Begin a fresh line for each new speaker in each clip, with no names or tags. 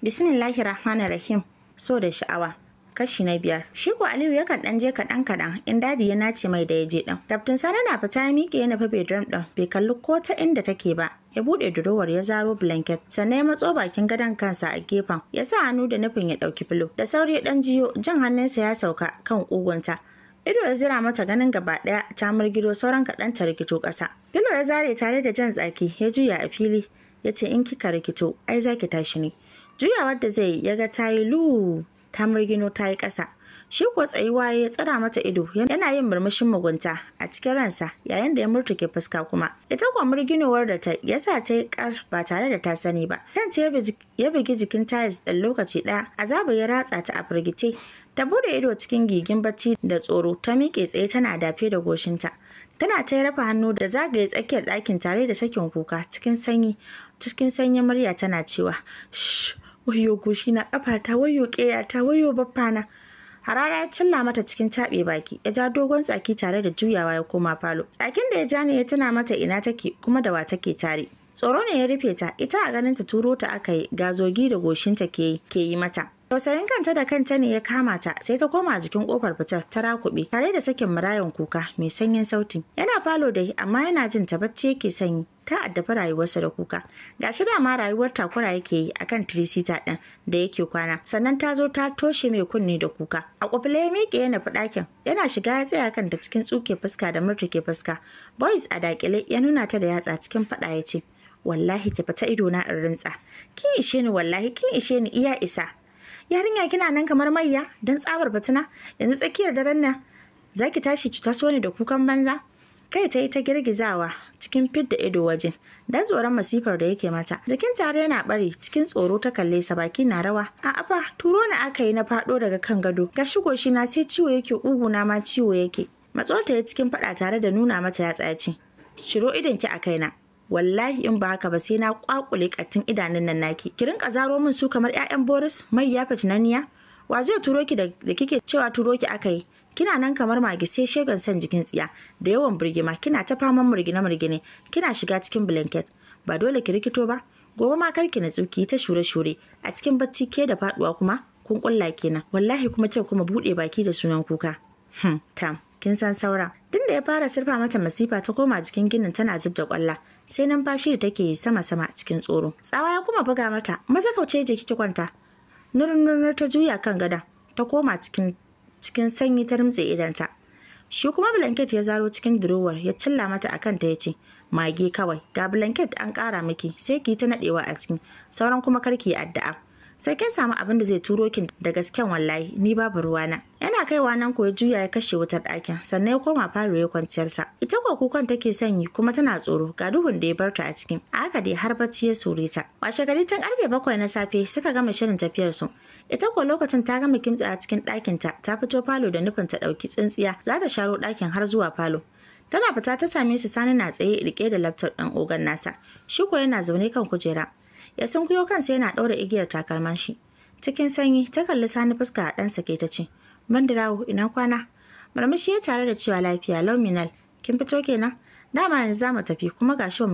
Bismillahir Rahmanir Rahim. So da sha'awa. Kashi na biyar. Shi Aliyu yakan ɗan je kaɗan kaɗan in dadi ya nace mai da ya je ɗan. Kaftin Sani na fita ya miƙe ya nufi bedroom ɗin bai kalli ko ta inda take ba. Ya buɗe durowar ya zaro blanket sannan ya matso bakin gadon kansa a gefen ya sa hannu da nufin ya ɗauki filo. Da sauri ya ɗan jiyo jan hannunsa ya sauka kan ƙugunta. Ido ya zira mata ganin gaba ɗaya ta murgido sauran kaɗan ta rikito ƙasa. Filo ya zare tare da jan tsaki ya juya a fili ya ce in kika rikito ai za ki tashi ne. juyawar da zai yaga ga ta yi lu ta murgino ta yi ƙasa shi ko tsayuwa ya tsara mata ido yana yin murmushin mugunta a cikin ransa yayin da ya murtuke fuska kuma ita kuwa murginowar da ta ya sa ta yi kar ba tare da ta sani ba kanta ya bugi jikin tayis ɗan lokaci ɗaya azaba ya ratsa ta a firgice ta bude ido cikin gigin bacci da tsoro ta miƙe tsaye tana dafe da goshinta tana ta rafa hannu da zagaye tsakiyar ɗakin tare da sakin kuka cikin sanyi cikin sanyin murya tana cewa shh wayo goshi na kafa ta wayo ta wayo baffa na harara ya cilla mata cikin tabe baki ya ja dogon tsaki tare da juyawa ya koma falo tsakin da ya ja ne ya tuna mata ina take kuma da wa take tare tsoro ne ya rufe ta ita a ganin ta turo ta aka yi ga zogi da goshinta ke yi mata Tausayin kanta da kanta ne ya kama ta sai ta koma jikin kofar fita ta rakuɓe tare da sakin murayan kuka mai sanyin sauti. Yana falo da amma yana jin ta bacci yake sanyi. ta addabi rayuwarsa da kuka ga shi dama rayuwar takura yake yi a kan tirisita ɗin da yake kwana sannan ta zo ta toshe mai kunni da kuka a kwafile ya miƙe ya nufi ɗakin yana shiga ya tsaya kanta cikin tsuke fuska da murtuke fuska boys a dakile ya nuna ta da yatsa cikin faɗa ya ce wallahi ki fita ido na in rintsa kin ishe ni wallahi kin ishe ni iya isa yarinya kina nan kamar mayya don tsabar batuna yanzu tsakiyar daren nan za ki tashi ki taso ni da kukan banza kai ta yi ta girgizawa cikin da ido wajen don tsoron masifar da yake mata jikin tare yana bari cikin tsoro ta kalle sa baki na rawa a afa turo na aka yi na fado daga kan gado ga shigo shi na sai ciwo yake na ma ciwo yake matsota ya cikin fada tare da nuna mata ya ce shiro idan ki a kaina wallahi in ba haka ba sai na kwakule katin idanun nan naki ki rinka zaro min su kamar ƴaƴan Boris mai ya tunaniya wa zai turo ki da kike cewa turo ki aka yi kina nan kamar mage sai shegan san jikin tsiya da yawan birgima kina ta faman murgine murgine kina shiga cikin blanket ba dole ki rikito ba gobe ma karki na tsuki ki ta shure shure a cikin bacci ke da faduwa kuma kun kulla kenan wallahi kuma kyau kuma bude baki da sunan kuka hmm tam kin san saura tun da ya fara sirfa mata masifa ta koma jikin ginin tana zub da kwalla sai numfashi da take yi sama sama cikin tsoro tsawa ya kuma buga mata maza kauce je kike kwanta nurnurnu ta juya kan gada ta koma cikin cikin sanyi ta rumtse idanta shi kuma blanket ya zaro cikin durowar ya cilla mata akan ta ya ce mage kawai ga blanket an ƙara miki sai ki ta nadewa a ciki sauran kuma karki addu'a sai kin samu abin da zai turo kin da gasken wallahi ni babu ruwa na. yana kaiwa nan ko ya juya ya kashe wutar ɗakin sannan ya koma falo ya kwanciyarsa ita ko kukan take sanyi kuma tana tsoro ga duhun da ya bar ta a cikin a haka dai har bacci ya sure ta washe gari tun karfe bakwai na safe suka gama shirin tafiyar su ita kuwa lokacin ta gama kimtsa a cikin ɗakin ta ta fito falo da nufin ta ɗauki tsintsiya za ta sharo ɗakin har zuwa falo tana fita ta same su sani na tsaye rike da laptop ɗin ogan nasa shi ko yana zaune kan kujera ya sunkuyo kansa yana ɗaura igiyar takalman shi. Cikin sanyi ta kalli sani fuska a ɗansa ke ta ce, Bandirawo ina kwana? marmashi ya tare da cewa lafiya Lominal, kin fito kenan? Dama yanzu za mu tafi kuma ga shi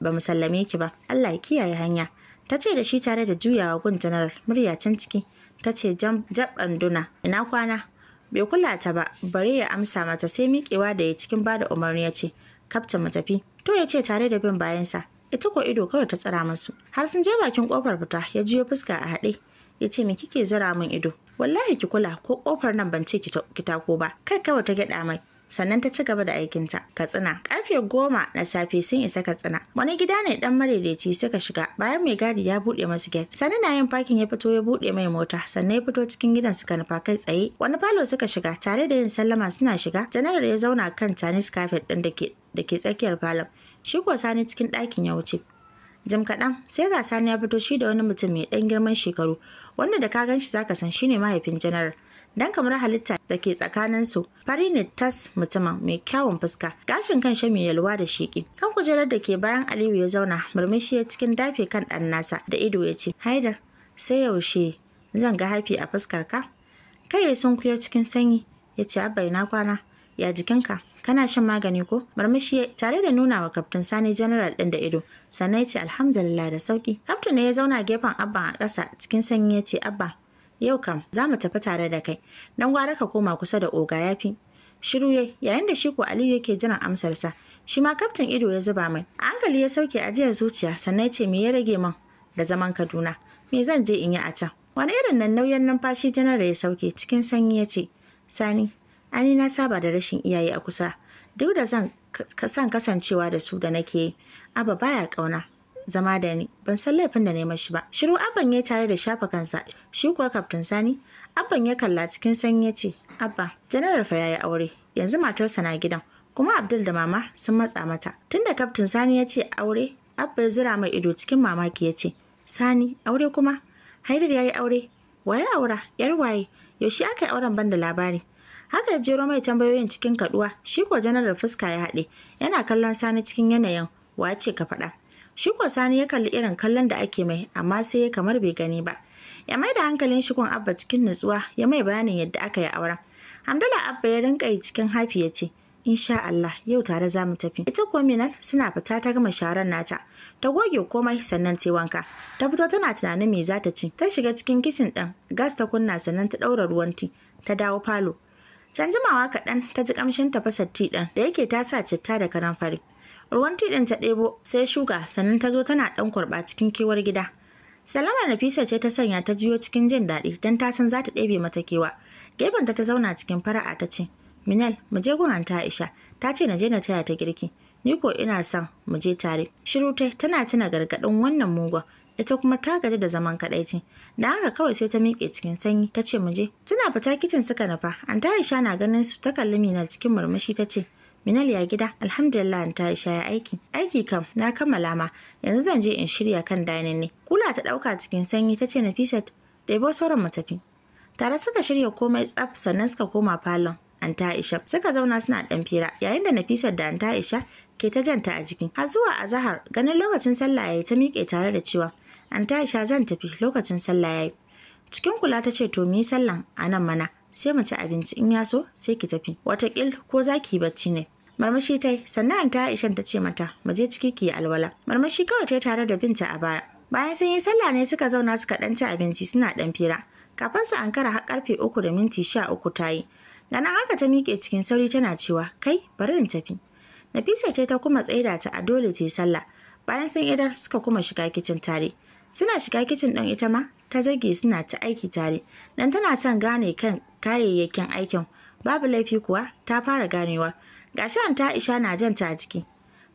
ba mu sallame ki ba, Allah ya kiyaye hanya. Ta ce da shi tare da juyawa gun janaral murya can ciki. Ta ce jabban duna, ina kwana? Bai kula ta ba, bari ya amsa mata sai miƙewa da ya cikin bada umarni ya ce, Kaftan mu tafi. To ya ce tare da bin bayansa. ita ko ido kawai ta tsara masu har sun je bakin kofar fita ya jiyo fuska a haɗe ya ce me kike zira min ido wallahi ki kula ko kofar nan ban ce ki tako ba kai kawai ta gyaɗa mai sannan ta ci gaba da aikinta katsina karfe goma na safe sun isa katsina wani gida ne dan madaidaici suka shiga bayan mai gadi ya buɗe masu get sannan na yin parking ya fito ya buɗe mai mota sannan ya fito cikin gidan suka nufa kai tsaye wani falo suka shiga tare da yin sallama suna shiga janarar ya zauna kan tanis kafet ɗin da ke tsakiyar falon shi kuwa sani cikin ɗakin ya wuce jim kaɗan sai ga sani ya fito shi da wani mutum mai ɗan girman shekaru wanda da ka gan shi zaka san shine mahaifin janar dan kamar halitta da ke tsakanin su fari ne tas mutumin mai kyawun fuska gashin kan shi mai yalwa da sheki kan kujerar da ke bayan aliyu ya zauna murmushi ya cikin dafe kan ɗan nasa da ido ya ce haidar sai yaushe zan ga haifi a fuskar ka kai ya sunkuyar cikin sanyi ya ce abai na kwana ya jikinka kana shan magani ko marmashi tare da nuna wa kaftin sani general ɗin da ido sannan ya ce alhamdulillah da sauki kaftin ne ya zauna gefen abba a ƙasa cikin sanyi ya ce abba yau kam za mu tafi tare da kai dan gwara ka koma kusa da oga ya fi. shiru yayin da shi ko aliyu yake jiran amsarsa shi ma kaftin ido ya zuba mai a hankali ya sauke ajiyar zuciya sannan ya ce me ya rage man da zaman kaduna me zan je in yi a can wani irin nan nauyin numfashi Janaral ya sauke cikin sanyi ya ce sani ani na saba da rashin iyaye a kusa duk da zan san kasancewa da su da nake abba baya kauna zama da ni ban san laifin da na mashi ba shiru abban ya tare da shafa kansa shi kuwa kaftin sani abban ya kalla cikin sanyi ce abba janarar fa yayi aure yanzu matarsa na gidan kuma abdul da mama sun matsa mata tunda kaftin sani ya ce aure abba ya zira mai ido cikin mamaki ya ce sani aure kuma haidar yayi aure waye aura yar waye yaushe aka yi auren ban da labari Haka ya jero mai tambayoyin cikin kaduwa, shi ko janaral fuska ya haɗe, yana kallon Sani cikin yanayin wace ka faɗa. Shi ko Sani ya kalli irin kallon da ake mai, amma sai ya kamar bai gani ba. Ya mai da hankalin shi kun Abba cikin nutsuwa, ya mai bayanin yadda aka yi auren. Hamdala Abba ya rinka yi cikin hafi ya ce, Insha Allah, yau tare za mu tafi. Ita kuwa Minar suna fita ta gama sharar nata. Ta goge komai sannan ta wanka. Ta fito tana tunanin me za ta ci. Ta shiga cikin kishin ɗin, gas ta kunna sannan ta ɗaura ruwan ti. Ta dawo falo. Can jimawa kaɗan ta ji ƙamshin tafasar tiɗan da yake ta sa citta da fari? Ruwan tiɗan ta ɗebo sai shuga sannan ta zo tana ɗan kurɓa cikin kewar gida. Salama Nafisa ce ta sanya ta jiyo cikin jin daɗi don ta san za ta ɗebe mata kewa. Gefenta ta zauna cikin fara'a ta ce, Minal, mu je gun ta Aisha, ta ce na je na taya ta girki. Ni ko ina son mu je tare. Shiru tana tuna gargaɗin wannan mugun. ita kuma ta gaji da zaman kadaici da haka kawai sai ta miƙe cikin sanyi ta ce muje tana fita kicin suka nufa an ta aisha na ganin su ta kalli minal cikin murmushi ta ce minal ya gida alhamdulillah an ta aisha ya aiki aiki kam na kammala ma yanzu zan je in shirya kan dainin ne kula ta ɗauka cikin sanyi ta ce nafisat ɗebo sauran mu tafi tare suka shirya komai tsaf sannan suka koma falon Anta Aisha suka zauna suna dan fira yayin da Nafisar da Anta Aisha ke ta janta a jikin. Har zuwa azahar ganin lokacin sallah yayi ta miƙe tare da cewa Anta Aisha zan tafi lokacin sallah yayi. Cikin kula ta ce to mi sallah sallan a nan mana sai mu ci abinci in ya so sai ki tafi watakil ko zaki bacci ne. Marmashi ta sannan Anta Aisha ta ce mata mu je ciki ki alwala. Marmashi kawai ta tare da binta a baya. Bayan sun yi sallah ne suka zauna suka dan ci abinci suna dan fira. Kafin su ankara har karfe uku da minti sha uku ta yi. Nana haka ta miƙe cikin sauri tana cewa, "Kai, bari in tafi." Nafisa ce ta kuma tsaida ta a dole ta yi sallah. Bayan sun idar suka kuma shiga kicin tare. Suna shiga kicin ɗan ita ma ta zage suna ta aiki tare. Dan tana son gane kan kayayyakin aikin. Babu laifi kuwa ta fara ganewa. Gashi an ta Aisha na jan ta a ciki.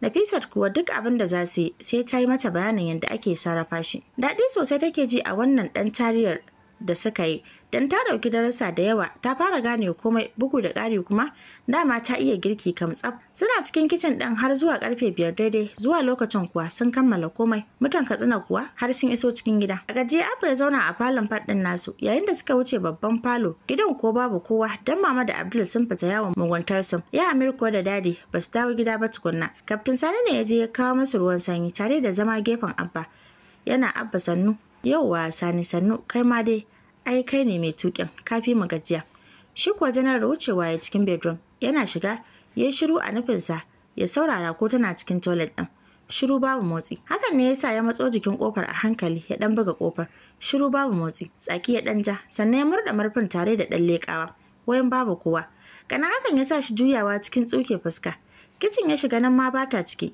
Nafisat kuwa duk abin da za su yi sai ta yi mata bayanin yadda ake sarrafa shi. Daɗi sosai take ji a wannan ɗan tariyar da suka yi Dan ta dauki darasa da yawa, ta fara gane komai bugu da ƙari kuma dama ta iya girki kam tsaf. Suna cikin kicin ɗin har zuwa karfe biyar daidai zuwa lokacin kuwa sun kammala komai. Mutan Katsina kuwa har sun iso cikin gida. A gajiya Abba ya zauna a falon faɗin nasu yayin da suka wuce babban falo. Gidan ko babu kowa dan mama da Abdul sun fita yawon muguntarsu. Ya Amir kuwa da dadi ba su dawo gida ba tukunna. Kaftin Sani ne ya je ya kawo masu ruwan sanyi tare da zama gefen Abba. Yana Abba sannu. Yauwa Sani sannu kai ma dai ai kai ne mai tuƙin kafi mu gajiya shi kuwa janar wucewa ya cikin bedroom yana shiga ya yi shiru a nufinsa ya saurara ko tana cikin toilet ɗin shiru babu motsi hakan ne yasa ya matso jikin kofar a hankali ya dan buga kofar shiru babu motsi tsaki ya dan ja sannan ya murda marfin tare da dan lekawa wayan babu kowa kana hakan yasa shi juyawa cikin tsuke fuska kicin ya shiga nan ma ba ta ciki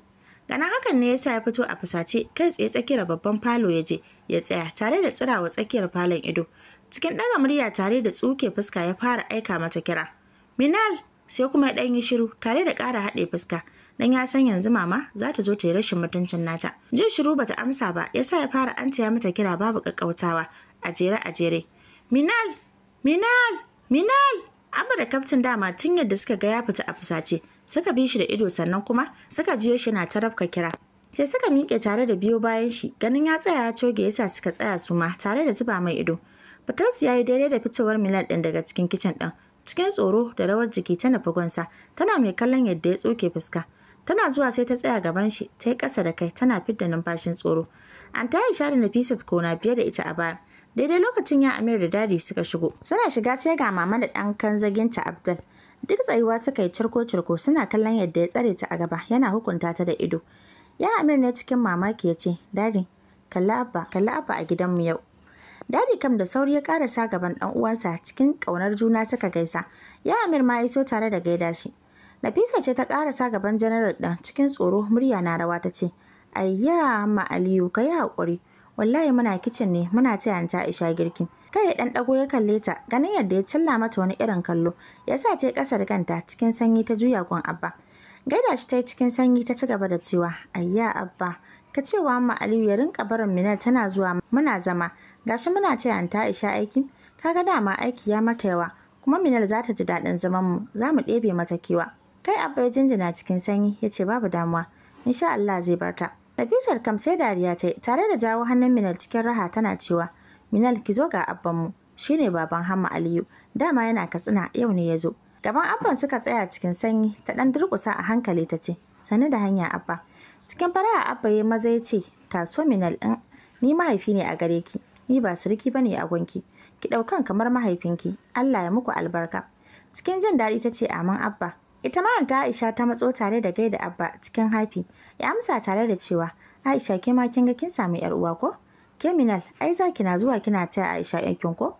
kana hakan ne yasa ya fito a fusace kai tsaye tsakiyar babban falo ya je ya tsaya tare da tsirawa tsakiyar falon ido Cikin ɗaga murya tare da tsuke fuska ya fara aika mata kira. Minal sai kuma ya ɗan yi shiru tare da ƙara haɗe fuska. Dan ya san yanzu mama za ta zo ta yi rashin mutuncin nata. Jin shiru bata amsa ba, ya sa ya fara antaya mata kira babu ƙaƙƙautawa a jere a jere. Minal, Minal, Minal! Amma da kaftin dama tun yadda suka ga ya fita a fusace, suka bi shi da ido sannan kuma suka jiyo shi na tarafka kira. Sai suka miƙe tare da biyo bayan shi, ganin ya tsaya ya coge yasa suka tsaya su ma tare da zuba mai ido. Fitarsu ya yi daidai da fitowar Milad ɗin daga cikin kicin ɗin. Cikin tsoro da rawar jiki ta nufi tana mai kallon yadda ya tsoke fuska. Tana zuwa sai ta tsaya gaban shi, ta yi ƙasa da kai, tana fidda numfashin tsoro. An ta Aisha da Nafisat kona fiye da ita a baya. Daidai lokacin ya Amir da Dadi suka shigo. Suna shiga sai ga mama da ɗan kanzaginta Abdul. Duk tsayuwa suka yi cirko-cirko suna kallon yadda ya tsare ta a gaba yana hukunta ta da ido. Ya Amir ne cikin mamaki ya ce, Dadi, kalli Abba, kalli Abba a gidanmu yau. Dadi kam da sauri ya karasa gaban ɗan uwansa cikin ƙaunar juna suka gaisa. Ya Amir ma iso tare da gaida shi. Nafisa ce ta karasa gaban janaral ɗin cikin tsoro murya na rawa ta ce, Ayya ma Aliyu ka yi haƙuri. Wallahi muna kicin ne muna taya ta isha girki. Kai ɗan ɗago ya kalle ta ganin yadda ya cilla mata wani irin kallo. Ya sa ta yi ƙasar kanta cikin sanyi ta juya gun Abba. Gaida shi ta yi cikin sanyi ta ci gaba da cewa, Ayya Abba, ka cewa ma Aliyu ya rinka barin Minal tana zuwa muna zama. gashi muna ce an isha aikin kaga dama aiki ya mata yawa kuma Minal za ta ji daɗin zaman mu za mu ɗebe mata kewa kai abba ya jinjina cikin sanyi ya ce babu damuwa insha Allah zai bar ta Nafisar kam sai dariya ta yi. tare da jawo hannun Minal cikin raha tana cewa Minal ki zo ga abban mu shine baban Hamma Aliyu dama yana katsina yau ne ya zo gaban abban suka tsaya cikin sanyi ta ɗan durƙusa a hankali ta ce sani da hanya abba cikin fara'a abba ya maza ya ce taso Minal ɗin ni mahaifi ne a gare ki ni ba sirki bane a gunki ki ɗaukan kamar mahaifinki Allah ya muku albarka cikin jin daɗi ta ce amin abba ita ma Aisha ta matso tare da gaida abba cikin hafi ya amsa tare da cewa Aisha ke ma kin ga kin samu yar uwa ko keminal ai za na zuwa kina taya Aisha yankin ko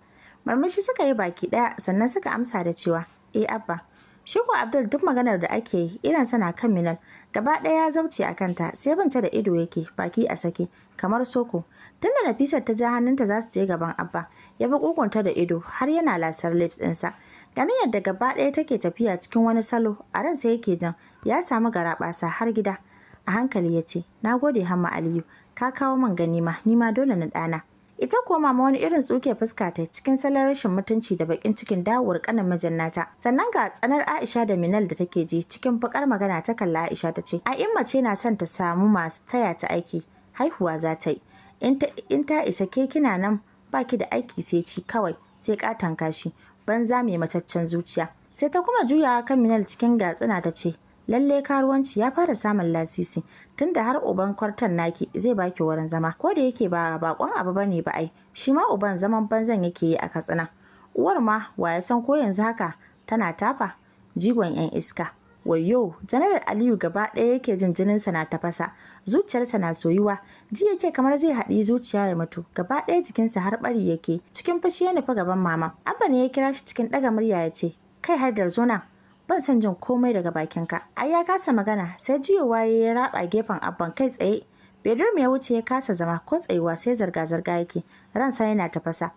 marmashi suka yi baki ɗaya sannan suka amsa da cewa eh abba Shi Abdul duk maganar da ake yi irin sana kan Minal gaba ɗaya ya zauce a kanta sai banta da ido yake baki a sake kamar soko. Tunda nafisar ta ja hannunta za su je gaban Abba ya bi ta da ido har yana lasar lips ɗinsa. Ganin yadda gaba ɗaya take tafiya cikin wani salo a ran sai yake jan ya samu garaɓasa har gida. A hankali ya ce, Na gode Hamma Aliyu, ka kawo min ganima, nima dole na ɗana. Ita kuwa mama wani irin tsuke fuska ta cikin salon rashin mutunci da bakin cikin dawowar kanan majannata. nata. Sannan ga tsanar Aisha da Minal da take ji cikin bakar magana ta kalla Aisha ta ce, "A'imma mace na son ta samu masu taya ta aiki, haihuwa za ta yi. In ta isa ke kina nan baki da aiki sai ci kawai, sai katan kashi, banza mai mataccen zuciya." Sai ta kuma juyawa kan Minal cikin gatsina ta ce, Lallai karuwanci ya fara samun lasisi tunda har uban kwartan naki zai baki wurin zama ko da yake ba bakon abu bane ba ai shi ma uban zaman banzan yake yi a katsina uwar ma wa ya san ko yanzu haka tana tafa jigon yan iska Wayo, Janaral Aliyu gaba ɗaya yake jin jininsa na tafasa, zuciyarsa na soyuwa, ji yake kamar zai haɗi zuciya ya mutu, gaba ɗaya jikinsa har ɓari yake, cikin fushi ya nufi gaban mama. Abba ne ya kira shi cikin ɗaga murya ya ce, kai har da zona, ban san jin komai daga bakinka ai ya kasa magana sai jiyowa ya ya raba gefen abban kai tsaye bedroom ya wuce ya kasa zama ko tsayuwa sai zarga-zarga yake ransa yana tafasa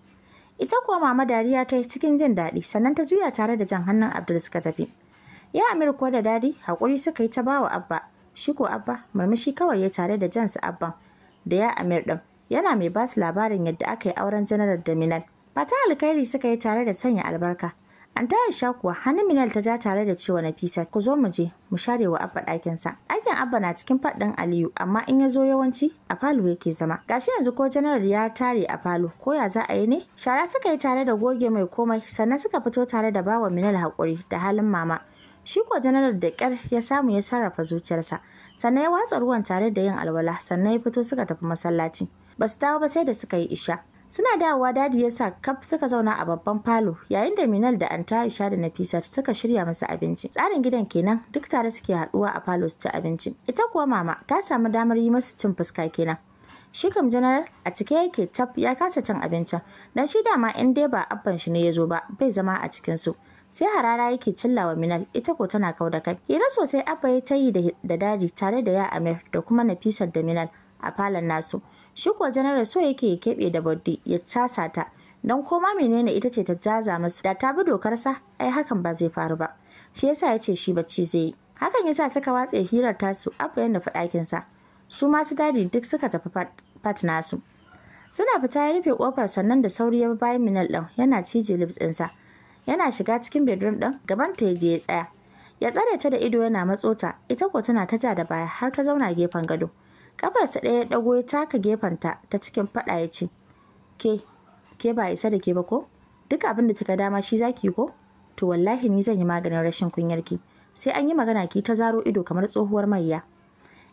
ita kuwa mama dariya ta cikin jin daɗi sannan ta juya tare da jan hannun abdul suka tafi ya amir kuwa da dadi haƙuri suka yi ta bawa abba shi ko abba murmushi kawai ya tare da jansu abban da ya amir ɗin yana mai basu labarin yadda aka yi auren janarar da minal mata alkhairi suka yi tare da sanya albarka Anta sha kuwa hannun Minal ta ja tare da cewa Nafisa ku zo mu je mu share wa Abba ɗakin sa. Ɗakin Abba na cikin faɗin Aliyu amma in ya zo yawanci a falo yake zama. Gashi yanzu ko janar ya tare a falo ko ya za a yi ne? Shara suka yi tare da goge mai komai sannan suka fito tare da bawa Minal hakuri da halin mama. Shi ko janar da kyar ya samu ya sarrafa zuciyarsa sannan ya watsa ruwan tare da yin alwala sannan ya fito suka tafi masallaci. Ba su dawo ba sai da suka yi isha. Suna dawowa dadi ya sa kaf suka zauna a babban falo yayin da Minal da Anta Aisha da Nafisat suka shirya masa abinci. Tsarin gidan kenan duk tare suke haɗuwa a falo su ci abinci. Ita kuwa mama ta samu damar yi masu cin fuska kenan. Shi kam janar a cike yake tab ya kasa cin abincin dan shi dama in dai ba abban shi ne ya zo ba bai zama a cikin su. sai harara yake cillawa Minal ita ko tana kau da kai. Hira sosai Abba ya tayi da dadi tare da ya Amir da kuma Nafisar da Minal a falon nasu. shi kuwa janaral so yake ya keɓe da baddi ya tasa ta don koma menene ita ce ta jaza masu da ta bi dokar sa? ai hakan ba zai faru ba shi yasa ya ce shi bacci zai yi hakan yasa suka watse hirar tasu bayan ya nufi ɗakinsa su masu dadi duk suka tafi fat nasu suna fita ya rufe kofar sannan da sauri ya bayan minal ɗin yana cije lips ɗinsa yana shiga cikin bedroom ɗin gaban ta je ya tsaya ya tsare ta da ido yana matsota. ita ko tana ta ja da baya har ta zauna gefen gado Ƙafarsa ɗaya ya ɗago ya taka gefenta ta cikin faɗa ya ce, Ke, ke ba isa da ke ba ko? Duk abin da kika dama shi zaki ko? To wallahi ni zan yi maganin rashin kunyarki. Sai an yi magana ki ta zaro ido kamar tsohuwar mayya.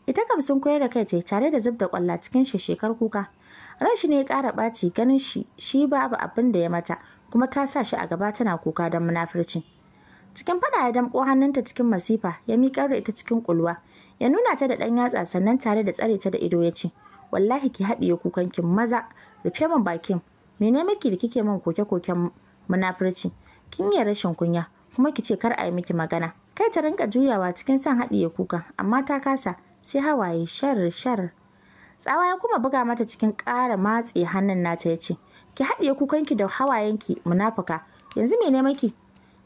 Ita kam sun koyar da kai tare da zub da kwalla cikin shi shekar kuka. Rashi ne ya ƙara ɓaci ganin shi shi babu abin da ya mata kuma ta sa shi a gaba tana kuka don munafirci. cikin fada ya damƙo hannunta cikin masifa ya miƙar da ita cikin kulwa ya nuna ta da ɗan yatsa sannan tare da tsare ta da ido ya ce wallahi ki haɗiye kukanki maza rufe min bakin mene miki da kike min koke-koken munafurci kin yi rashin kunya kuma ki ce kar a yi miki magana kai ta rinka juyawa cikin son haɗiye kuka amma ta kasa sai hawaye shar shar tsawa ya kuma buga mata cikin ƙara matse hannun nata ya ce ki haɗiye kukanki da hawayenki munafuka yanzu mene miki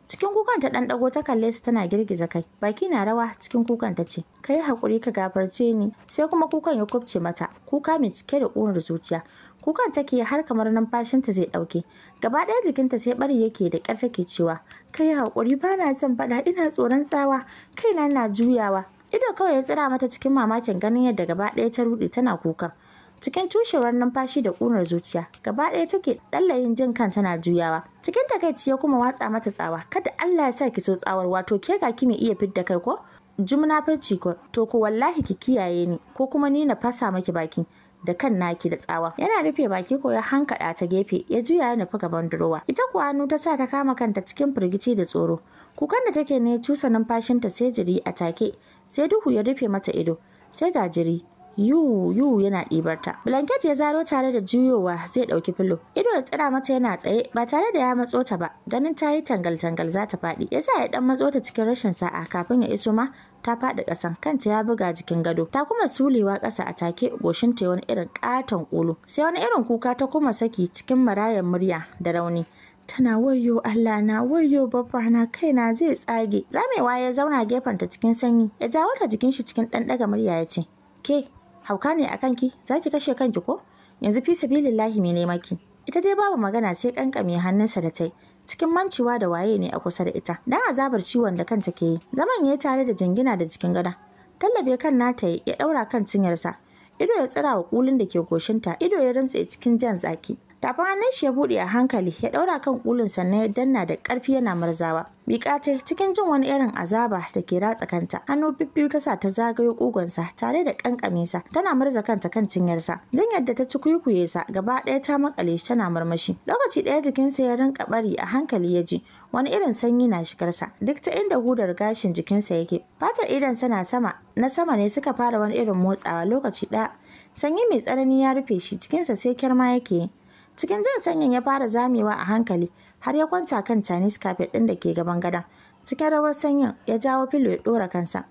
cikin kukan ta dan dago ta kalle su tana girgiza kai baki na rawa cikin kukan ta ce ka hakuri ka gafarce ni sai kuma kukan ya kubce mata kuka mai cike da ƙunar zuciya kukan take har kamar ta zai ɗauke gaba ɗaya jikinta sai bari yake da ƙyar take cewa ka hakuri bana ba na son faɗa ina tsoron tsawa kaina na juyawa ido kawai ya tsira mata cikin mamakin ganin yadda gaba ɗaya ta ruɗe tana kukan. cikin tushewar numfashi da ƙunar zuciya gaba ɗaya take ɗallayin jin kan tana juyawa cikin takaici ya kuma watsa mata tsawa kada Allah ya sa ki so tsawar wato ke ga mai iya fidda kai ko jumna fanci ko to ko wallahi ki kiyaye ni ko kuma ni na fasa maki baki da kan naki da tsawa yana rufe baki ko ya hankaɗa ta gefe ya juya ya nufi gaban durowa ita kuwa hannu ta sa ta kama kanta cikin firgici da tsoro kukan da take ne cusa numfashinta sai jiri a take sai duhu ya rufe mata ido sai ga jiri yu yuu, yana ɗibarta. blanket ya zaro tare da juyowa zai ɗauki filo ido ya tsira mata yana tsaye ba tare da ya matso ta ba ganin ta yi tangal tangal za ta faɗi Ya sa ya ɗan matso ta cikin rashin sa'a kafin ya iso ma ta faɗi ƙasan kanta ya buga jikin gado ta kuma sulewa ƙasa a take goshin ta wani irin ƙaton ƙulu sai wani irin kuka ta kuma saki cikin marayan murya da rauni tana wayo Allah na wayo babba na kaina zai tsage zamewa ya zauna gefenta cikin sanyi ya jawo ta jikin shi cikin ɗan murya ya ce ke hauka ne a kanki za ki kashe kanki ko yanzu fi lahi me nema ki? ita dai babu magana sai kankame hannunsa da tai cikin mancewa da waye ne a kusa da ita dan azabar ciwon da kanta ke yi zaman yayi tare da jingina da cikin gada tallabe kan nata ya daura kan cinyarsa ido ya tsira wa kulin da ke goshinta ido ya rantsa cikin jan zaki. tafi hannun shi ya buɗe a hankali ya ɗaura kan ƙulin sannan ya danna da ƙarfi yana marzawa miƙa ta cikin jin wani irin azaba da ke ratsa kanta hannu bibbiyu ta sa ta zagayo ƙugonsa tare da ƙanƙame sa tana murza kanta kan cinyarsa jin yadda ta ci kuikuye sa gaba ɗaya ta maƙale shi tana murmushi lokaci ɗaya jikinsa ya rinƙa ɓari a hankali ya ji wani irin sanyi na shigarsa duk ta inda hudar gashin jikinsa yake fatar idan sana sama na sama ne suka fara wani irin motsawa lokaci ɗaya sanyi mai tsanani ya rufe shi cikinsa sai kyarma yake Cikin jin sanyin ya fara zamewa a hankali har ya kwanta kan Chinese carpet ɗin da ke gaban gadon. Cikin rawar sanyin ya jawo filo ya ɗora kansa.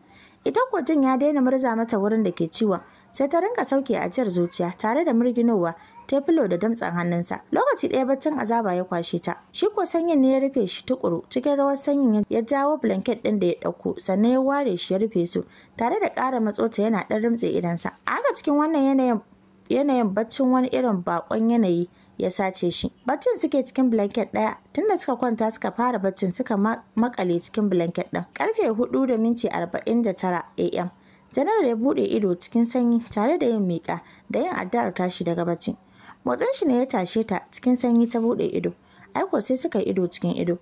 Ita ko jin ya daina murza mata wurin da ke ciwon sai ta rinka sauke jiyar zuciya tare da murginowa ta filo da damtsan hannunsa. Lokaci ɗaya baccin azaba ya kwashe ta. Shi ko sanyin ne ya rufe shi tukuru cikin rawar sanyin ya jawo blanket ɗin da ya ɗauko sannan ya ware shi ya rufe su tare da ƙara matsota yana ɗan rumtse idansa. A haka cikin wannan yanayin yanayin baccin wani irin bakon yanayi ya sace shi baccin suke cikin blanket ɗaya tunda suka kwanta suka fara baccin suka makale cikin blanket ɗin karfe hudu da minti arba'in da tara am janar ya buɗe ido cikin sanyi tare da yin miƙa da yin addu'ar tashi daga bacci motsin shi ne ya tashe ta cikin sanyi ta buɗe ido aiko sai suka ido cikin ido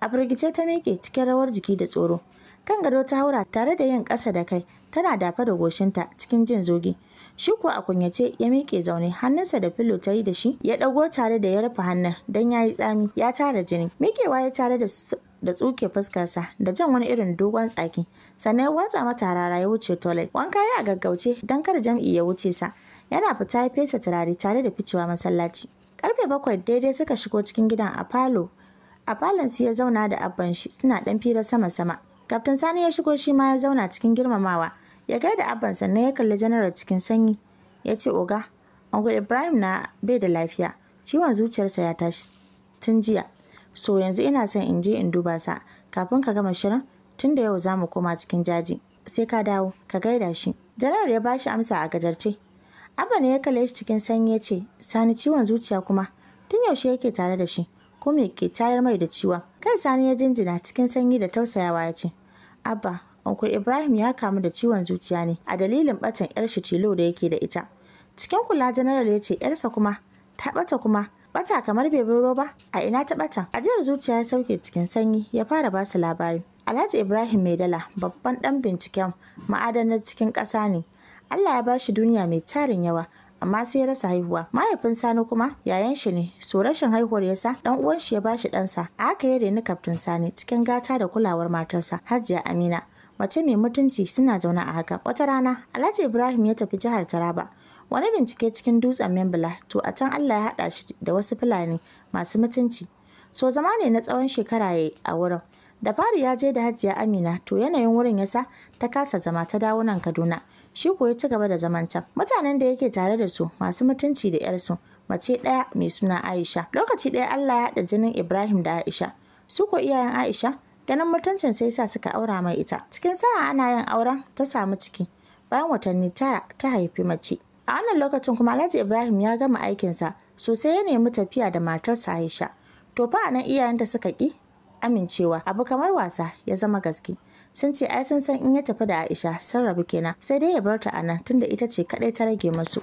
a firgice ta miƙe cikin rawar jiki da tsoro kan gado ta haura tare da yin ƙasa da kai tana dafa da goshinta cikin jin zogi. Shi kuwa a kunyace ya miƙe zaune hannunsa da filo ta yi da shi ya ɗago tare da ya rufe hannun don ya yi tsami ya tara jini. Miƙewa ya tare da da tsuke fuskarsa da jan wani irin dogon tsaki sannan ya watsa mata rara ya wuce toilet wanka ya gaggauce don kar jam'i ya wuce sa yana fita ya fesa turare tare da ficewa masallaci karfe bakwai daidai suka shigo cikin gidan a falo a falon su ya zauna da abban shi suna dan fira sama sama kaftin sani ya shigo shi ma ya zauna cikin girmamawa ya gaida abban sannan ya kalli janaral cikin sanyi ya ce oga uncle ibrahim na bai da lafiya ciwon zuciyarsa ya tashi tun jiya so yanzu ina son in je in duba sa kafin ka gama shirin tun da yau za mu koma cikin jaji sai ka dawo ka gaida shi janaral ya bashi amsa a gajarce abba ne ya kalle shi cikin sanyi ya ce sani ciwon zuciya kuma tun yaushe yake tare da shi ko me ke tayar mai da ciwon kai sani ya jinjina cikin sanyi da tausayawa ya ce abba Uncle Ibrahim ya kamu da ciwon zuciya ne a dalilin batan yar shi tilo da yake da ita. Cikin kula janaral ya ce yarsa kuma ta ɓata kuma ɓata kamar bai bebin roba a ina ta bata. Ajiyar zuciya ya sauke cikin sanyi ya fara basu labari. Alhaji Ibrahim Maidala babban dan binciken ma'adanar cikin ƙasa ne. Allah ya bashi duniya mai tarin yawa amma sai ya rasa haihuwa mahaifin sani kuma yayan shi ne so rashin haihuwar ya sa ɗan uwan shi ya bashi ɗansa a haka ya reni kaftin sani cikin gata da kulawar matarsa hajiya amina mace mai mutunci suna zaune a haka wata rana alhaji ibrahim ya tafi jihar taraba wani bincike cikin dutsen membila to a can allah ya haɗa shi da wasu fulani masu mutunci so zama ne na tsawon shekara ya a wurin da fari ya je da hajiya amina to yanayin wurin ya sa ta kasa zama ta dawo nan kaduna shi ko ya ci gaba da zaman can mutanen da yake tare da su masu mutunci da yarsu mace ɗaya mai suna aisha lokaci ɗaya allah ya haɗa jinin ibrahim da aisha su ko iyayen aisha ganin mutuncin sai sa suka aura mai ita cikin sa'a ana yin auren ta samu ciki bayan watanni tara ta haifi mace a wannan lokacin kuma alhaji ibrahim ya gama aikinsa sosai ya nemi tafiya da matarsa aisha to fa a nan iyayenta suka ƙi amincewa abu kamar wasa ya zama gaske sun ce ai sun san in ya tafi da Aisha sun rabu kenan sai dai ya bar ta nan tunda ita ce kaɗai ta rage masu